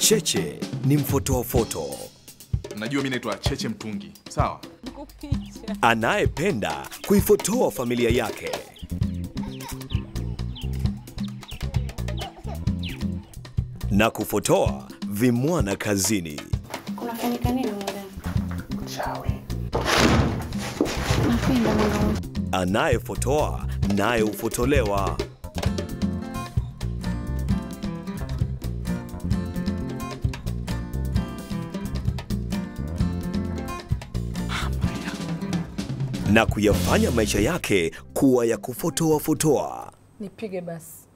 Cheche ni mfotoafoto. Najua mimi naitwa Cheche Mtungi, sawa? Anayependa kuifotoa familia yake. na kufotoa vimwana kazini. Unafanyika nini Anayefotoa naye hufotolewa. na kuyafanya maisha yake kuwa ya kufotoa fotoa. Nipige basi.